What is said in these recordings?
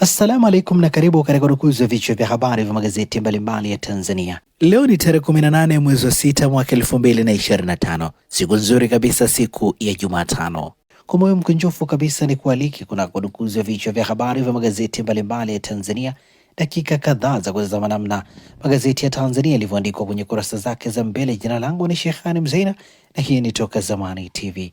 Assalamu alaikum na karibu katika udukuzi wa vichwa vya habari vya magazeti mbalimbali ya Tanzania. Leo ni tarehe 18 mwezi wa sita mwaka 2025, siku nzuri kabisa, siku ya Jumatano. Kwa moyo mkunjofu kabisa ni kualiki kuna udukuzi wa vichwa vya habari vya magazeti mbalimbali ya Tanzania, dakika kadhaa za kutazama namna magazeti ya Tanzania yalivyoandikwa kwenye kurasa zake za mbele. Jina langu ni shehani Mzeina na hii ni Toka Zamani TV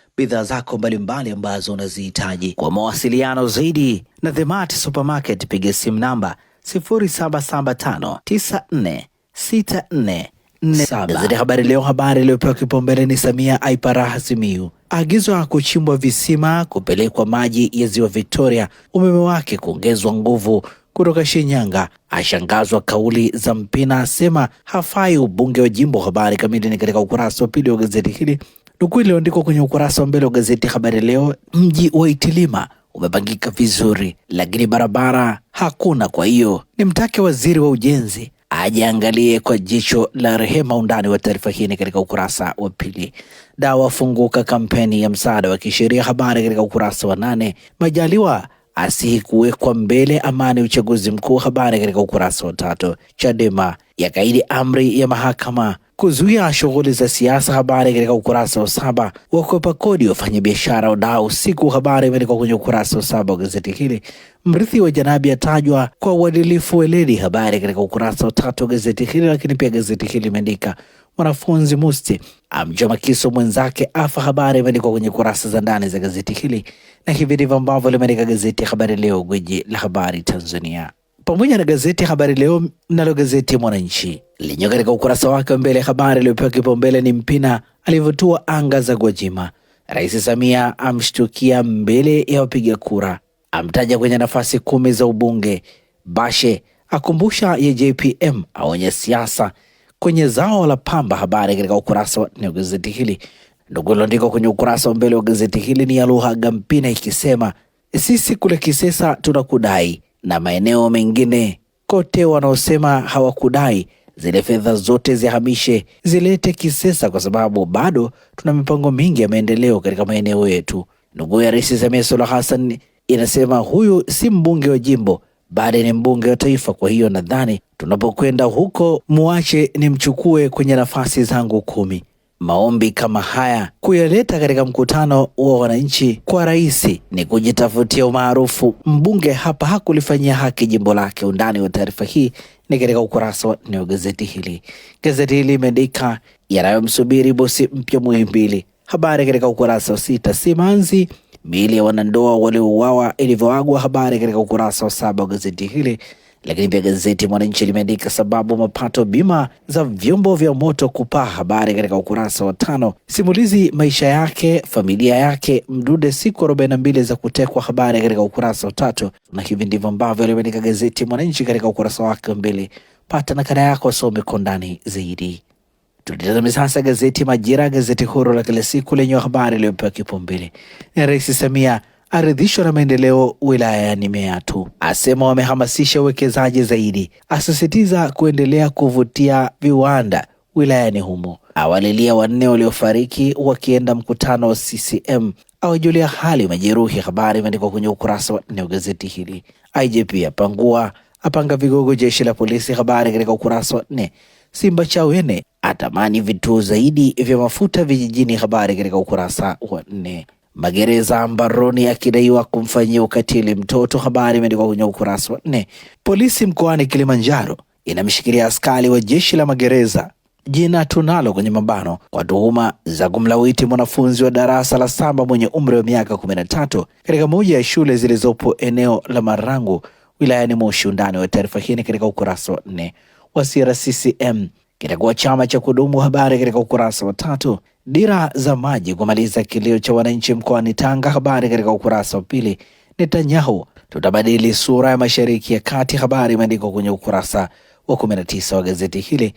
bidhaa zako mbalimbali ambazo unazihitaji. Kwa mawasiliano zaidi na The Mart Supermarket, piga simu namba 0775946447. Gazeti Habari Leo, habari iliyopewa kipaumbele ni Samia aipa raha Simiyu, aagizwa kuchimbwa visima kupelekwa maji ya ziwa Victoria, umeme wake kuongezwa nguvu kutoka Shinyanga, ashangazwa kauli za Mpina, asema hafai ubunge wa jimbo. Habari kamili ni katika ukurasa wa pili wa gazeti hili Nukuu iliyoandikwa kwenye ukurasa wa mbele wa gazeti Habari Leo, mji wa Itilima umepangika vizuri, lakini barabara hakuna. Kwa hiyo ni mtake waziri wa ujenzi ajiangalie kwa jicho la rehema. Undani wa taarifa hii ni katika ukurasa wa pili. Dawa funguka kampeni ya msaada wa kisheria, habari katika ukurasa wa nane. Majaliwa asihi kuwekwa mbele amani ya uchaguzi mkuu. Habari katika ukurasa wa tatu. Chadema yakaidi amri ya mahakama kuzuia shughuli za siasa. Habari katika ukurasa wa saba. Wakwepa kodi wafanyabiashara wadau usiku. Habari imeandikwa kwenye ukurasa wa saba wa gazeti hili. Mrithi wa Janabi atajwa kwa uadilifu weledi. Habari katika ukurasa wa tatu wa gazeti hili. Lakini pia gazeti hili imeandika mwanafunzi musti amchoma kisu mwenzake afa. Habari imeandikwa kwenye kurasa za ndani za gazeti hili, na hivi ndivyo ambavyo limeandika gazeti ya Habari Leo, gwiji la habari Tanzania, pamoja na gazeti ya Habari Leo. Nalo gazeti ya Mwananchi lenyewe katika ukurasa wake wa mbele habari iliyopewa kipaumbele ni Mpina alivyotua anga za Gwajima, Rais Samia amshtukia mbele ya wapiga kura, amtaja kwenye nafasi kumi za ubunge, Bashe akumbusha ya JPM aonye siasa kwenye zao la pamba. Habari katika ukurasa wa nne wa gazeti hili. Ndugu liloandikwa kwenye ukurasa wa mbele wa gazeti hili ni ya Luhaga ikisema sisi kule Kisesa tunakudai na maeneo mengine kote, wanaosema hawakudai zile fedha zote zihamishe zilete Kisesa kwa sababu bado tuna mipango mingi ya maendeleo katika maeneo yetu. Ndugu ya Rais Samia Suluhu Hassan inasema huyu si mbunge wa jimbo, bali ni mbunge wa taifa, kwa hiyo nadhani Tunapokwenda huko, muache nimchukue kwenye nafasi zangu kumi. Maombi kama haya kuyaleta katika mkutano wa wananchi kwa rais ni kujitafutia umaarufu. Mbunge hapa hakulifanyia haki jimbo lake. Undani wa taarifa hii ni katika ukurasa wa nne wa gazeti hili. Gazeti hili imeandika yanayomsubiri bosi mpya Muhimbili. Habari katika ukurasa wa sita. Simanzi, miili ya wanandoa waliouawa ilivyoagwa. Habari katika ukurasa wa saba wa gazeti hili. Lakini pia gazeti Mwananchi limeandika sababu mapato bima za vyombo vya moto kupaa, habari katika ukurasa wa tano. Simulizi maisha yake familia yake Mdude siku arobaini na mbili za kutekwa, habari katika ukurasa wa tatu. Na hivi ndivyo ambavyo limeandika gazeti Mwananchi katika ukurasa wake wa mbili. Pata nakala yako, wasome kwa undani zaidi. Tulitazame sasa gazeti Majira, gazeti huru la kila siku lenye habari iliyopewa kipaumbele ni Rais Samia aridhishwa na maendeleo wilayani tu asema wamehamasisha uwekezaji zaidi, asisitiza kuendelea kuvutia viwanda wilayani humo, awalilia wanne waliofariki wakienda mkutano wa CCM, awajulia hali majeruhi. Habari imeandikwa kwenye ukurasa wa nne wa gazeti hili. IGP apangua apanga vigogo jeshi la polisi, habari katika ukurasa wa nne. Simba Chawene atamani vituo zaidi vya mafuta vijijini, habari katika ukurasa wa nne. Magereza mbaroni akidaiwa kumfanyia ukatili mtoto. Habari imeandikwa kwenye ukurasa wa nne. Polisi mkoani Kilimanjaro inamshikilia askari wa jeshi la magereza jina tunalo kwenye mabano kwa tuhuma za kumlawiti mwanafunzi wa darasa la saba mwenye umri wa miaka 13 katika moja ya shule zilizopo eneo la Marangu wilayani Moshi. Undani wa taarifa hii katika ukurasa wa nne. Wasira CCM kitakuwa chama cha kudumu. Habari katika ukurasa wa tatu. Dira za maji kumaliza kilio cha wananchi mkoani Tanga. Habari katika ukurasa wa pili. Netanyahu, tutabadili sura ya mashariki ya kati. Habari imeandikwa kwenye ukurasa wa tisa wa gazeti hili.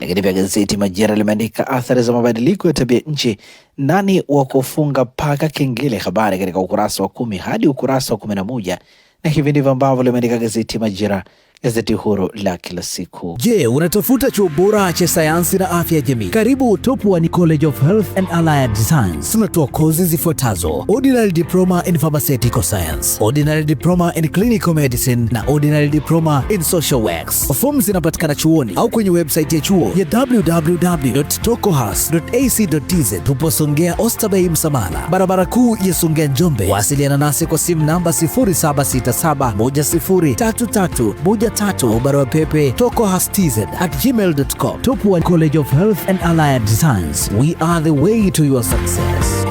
Lakini pia gazeti Majira limeandika athari za mabadiliko ya tabia nchi, nani wa kufunga paka kengele. Habari katika ukurasa wa kumi hadi ukurasa wa moja. na hivi ndivyo ambavyo limeandika gazeti Majira gazeti huru la kila siku. Je, unatafuta chuo bora cha sayansi na afya ya jamii? Karibu Top One College of Health and Allied Science. Tunatoa kozi zifuatazo: Ordinary Diploma in Pharmaceutical Science, Ordinary Diploma in Clinical Medicine na Ordinary Diploma in Social Works. Fomu zinapatikana chuoni au kwenye website ya chuo ya www.tokohas.ac.tz. Tupo Songea Oysterbay Msamala, barabara kuu ya Songea Njombe. Wasiliana nasi kwa simu namba 07671033 tatu barua pepe tokohastz@gmail.com. Top College of Health and Allied Science. We are the way to your success.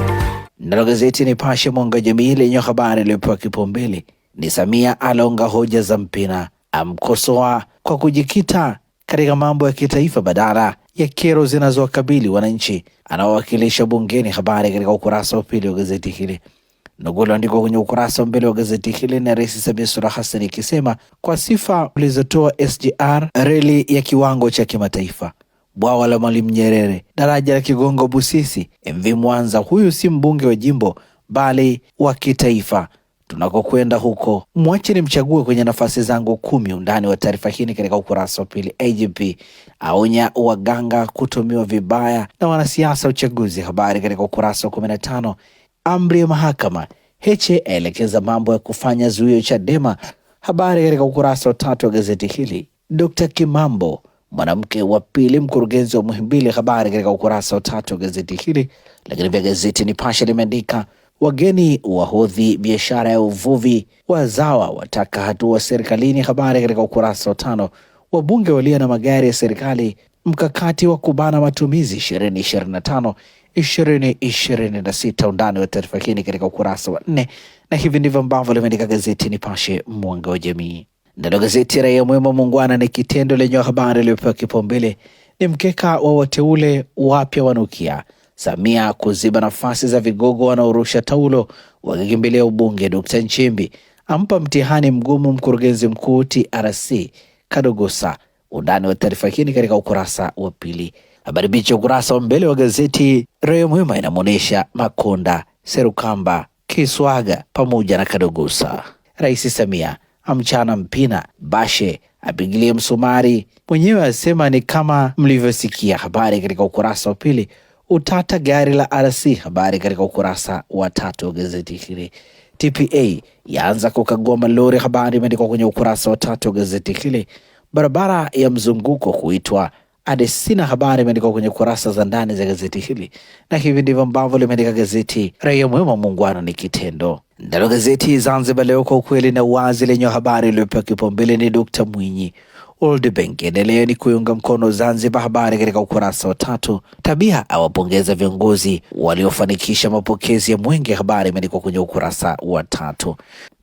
Nalo gazeti pashe mwanga jamii lenye habari iliyopewa kipaumbele ni Samia alonga hoja za Mpina, amkosoa kwa kujikita katika mambo ya kitaifa badala ya kero zinazowakabili wananchi anaowakilisha bungeni. Habari katika ukurasa wa pili wa gazeti hili. Nukuu iliyoandikwa kwenye ukurasa wa mbele wa gazeti hili na Rais Samia Suluhu Hassan ikisema kwa sifa ulizotoa SGR, reli ya kiwango cha kimataifa, bwawa la Mwalimu Nyerere, daraja la Kigongo Busisi, MV Mwanza, huyu si mbunge wa jimbo bali wa kitaifa tunakokwenda huko, mwache nimchague kwenye nafasi zangu kumi. Undani wa taarifa hii ni katika ukurasa wa pili. AGP aonya waganga kutumiwa vibaya na wanasiasa uchaguzi, habari katika ukurasa wa kumi na tano amri ya mahakama. Heche aelekeza mambo ya kufanya zuio Chadema. Habari katika ukurasa wa tatu wa gazeti hili. Dkt Kimambo mwanamke wa pili mkurugenzi wa Muhimbili. Habari katika ukurasa wa tatu wa gazeti hili. Lakini pia gazeti Nipashe limeandika wageni wahodhi biashara ya uvuvi, wazawa wataka hatua serikalini. Habari katika ukurasa wa tano. Wabunge walio na magari ya serikali, mkakati wa kubana matumizi tano ishirini ishirini na sita. Undani wa taarifa hii ni katika ukurasa wa nne, na hivi ndivyo ambavyo limeandika gazeti Nipashe mwanga wa jamii. Ndalo gazeti Raia Mwema muungwana ni kitendo lenye habari iliyopewa kipaumbele ni mkeka wa wateule wapya wanukia, Samia kuziba nafasi za vigogo wanaorusha taulo wakikimbilia ubunge, Dkt Nchimbi ampa mtihani mgumu mkurugenzi mkuu TRC Kadogosa. Undani wa taarifa hii ni katika ukurasa wa pili. Habari ya ukurasa wa mbele wa gazeti Raia Mwema inamwonyesha Makonda, Serukamba, Kiswaga pamoja na Kadogosa. Rais Samia amchana Mpina, Bashe apigilie msumari, mwenyewe asema ni kama mlivyosikia. Habari katika ukurasa wa pili. Utata gari la RC, habari katika ukurasa wa tatu wa gazeti hili. TPA yaanza kukagua malori, habari imeandikwa kwenye ukurasa wa tatu wa gazeti hili. Barabara ya mzunguko kuitwa hadi sina habari imeandikwa kwenye kurasa za ndani za gazeti hili, na hivi ndivyo ambavyo limeandika gazeti Raia Mwema, muungwana ni kitendo. Ndalo gazeti Zanzibar Leo, kwa ukweli na uwazi, lenye habari iliyopewa kipaumbele ni Dkt Mwinyi Old Benki endeleo ni kuiunga mkono Zanzibar. Habari katika ukurasa wa tatu. Tabia awapongeza viongozi waliofanikisha mapokezi ya mwenge. Habari imeandikwa kwenye ukurasa wa tatu.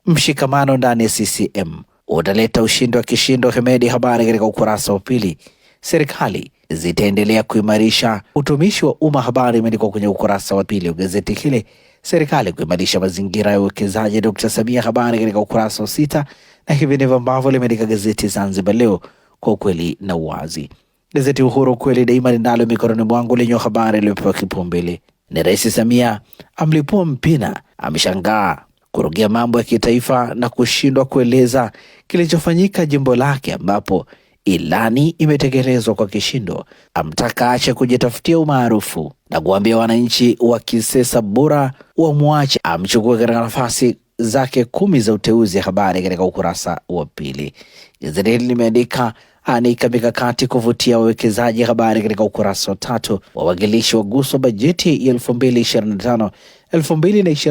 Mshikamano ndani ya CCM utaleta ushindi wa kishindo Hemedi. Habari katika ukurasa wa pili serikali zitaendelea kuimarisha utumishi wa umma. Habari imeandikwa kwenye ukurasa wa pili wa gazeti hili. Serikali kuimarisha mazingira ya uwekezaji, Dkt Samia, habari katika ukurasa wa sita, na hivi ndivyo ambavyo limeandika gazeti Zanzibar Leo kwa ukweli na uwazi. Gazeti Uhuru kweli daima linalo mikononi mwangu lenye habari iliyopewa kipaumbele ni Rais Samia amlipua Mpina, ameshangaa kurugia mambo ya kitaifa na kushindwa kueleza kilichofanyika jimbo lake ambapo Ilani imetekelezwa kwa kishindo, amtaka ache kujitafutia umaarufu na kuambia wananchi wa Kisesa bora wamwache amchukue katika nafasi zake kumi za uteuzi. Habari katika ukurasa wa pili. Gazeti hili limeandika anika mikakati kuvutia wawekezaji. Habari katika ukurasa wa tatu. Wawakilishi guswa bajeti ya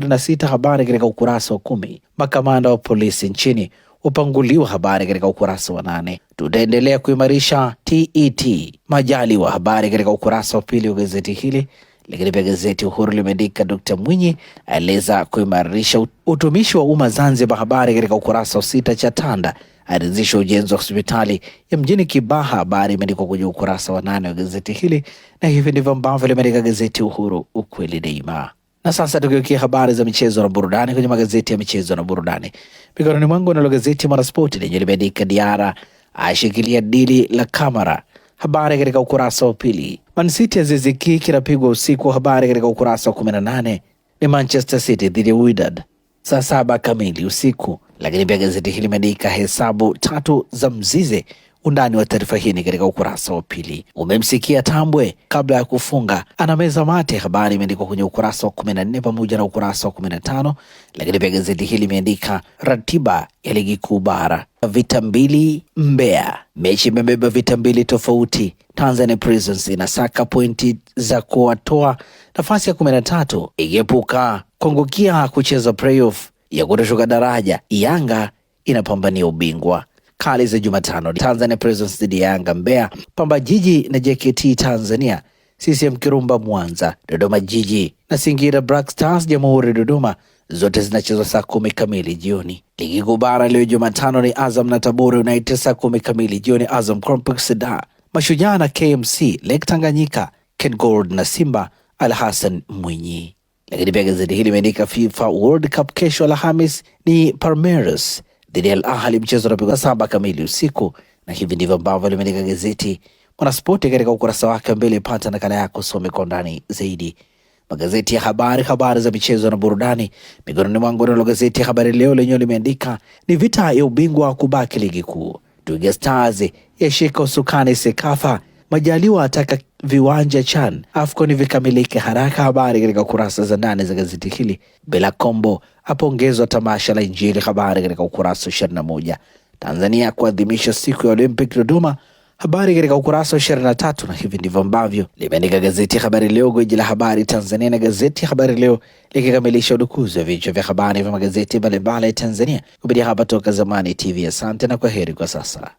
na sita Habari katika ukurasa wa kumi. Makamanda wa polisi nchini upanguliwa habari katika ukurasa wa nane. Tutaendelea kuimarisha TET e majali wa habari katika ukurasa wa pili wa gazeti hili lakini pia gazeti Uhuru limeandika Dkt Mwinyi aeleza kuimarisha utumishi wa umma Zanzibar. Habari katika ukurasa wa sita. Chatanda aridhisha ujenzi wa hospitali ya mjini Kibaha. Habari imeandikwa kwenye ukurasa wa nane wa gazeti hili, na hivi ndivyo ambavyo limeandika gazeti Uhuru, ukweli daima. Na sasa tukiwekia habari za michezo na burudani kwenye magazeti ya michezo na burudani, mikononi mwangu nalo gazeti Mwanaspoti lenye limeandika Diara ashikilia dili la Kamara, habari katika ukurasa wa pili. Man City ya kinapigwa usiku, habari katika ukurasa wa kumi na nane. Ni Manchester City dhidi ya Wydad saa saba kamili usiku. Lakini pia gazeti hili limeandika hesabu tatu za Mzize Undani wa taarifa hii ni katika ukurasa wa pili. Umemsikia Tambwe kabla ya kufunga anameza mate, habari imeandikwa kwenye ukurasa wa 14 pamoja na ukurasa wa 15. Lakini pia gazeti hili limeandika ratiba ya ligi kuu bara, vita mbili Mbeya, mechi imebeba vita mbili tofauti. Tanzania Prisons inasaka pointi za kuwatoa nafasi ya 13 ikiepuka kuangukia kucheza playoff ya kutoshuka daraja. Yanga inapambania ubingwa kali za Jumatano: Tanzania Prisons dhidi ya Yanga Mbeya, Pamba Jiji na JKT Tanzania, CCM Kirumba Mwanza, Dodoma Jiji na Singida Black Stars Jamhuri Dodoma, zote zinachezwa saa kumi kamili jioni. Ligi Kuu Bara leo Jumatano ni Azam na Tabora United saa kumi kamili jioni, Azam Complex da Mashujaa na KMC, Lake Tanganyika, Ken Gold na Simba Al Hassan Mwinyi. Lakini pia gazeti hili limeandika FIFA World Cup kesho Alhamis ni Palmeiras dhidi ya Al Ahli. Mchezo unapigwa saba kamili usiku, na hivi ndivyo ambavyo limeandika gazeti Mwanaspoti katika ukurasa wake mbele. Pata nakala yako, some kwa undani zaidi magazeti ya habari, habari za michezo na burudani mikononi mwangu. Nalo gazeti ya Habari Leo lenyewe limeandika ni vita ya ubingwa wa kubaki ligi kuu, Twiga Stars yashika usukani Sekafa, Majaliwa ataka viwanja CHAN AFCON vikamilike haraka. Habari katika kurasa za ndani za gazeti hili. bela Kombo apongezwa tamasha la Injili, habari katika ukurasa wa ishirini na moja. Tanzania kuadhimisha siku ya Olympic Dodoma, habari katika ukurasa wa ishirini na tatu. Na hivi ndivyo ambavyo limeandika gazeti ya Habari Leo, gwiji la habari Tanzania, na gazeti ya Habari Leo likikamilisha udukuzi wa vichwa vya habari vya magazeti mbalimbali ya Tanzania kupitia hapa Toka Zamani TV. Asante na kwa heri kwa sasa.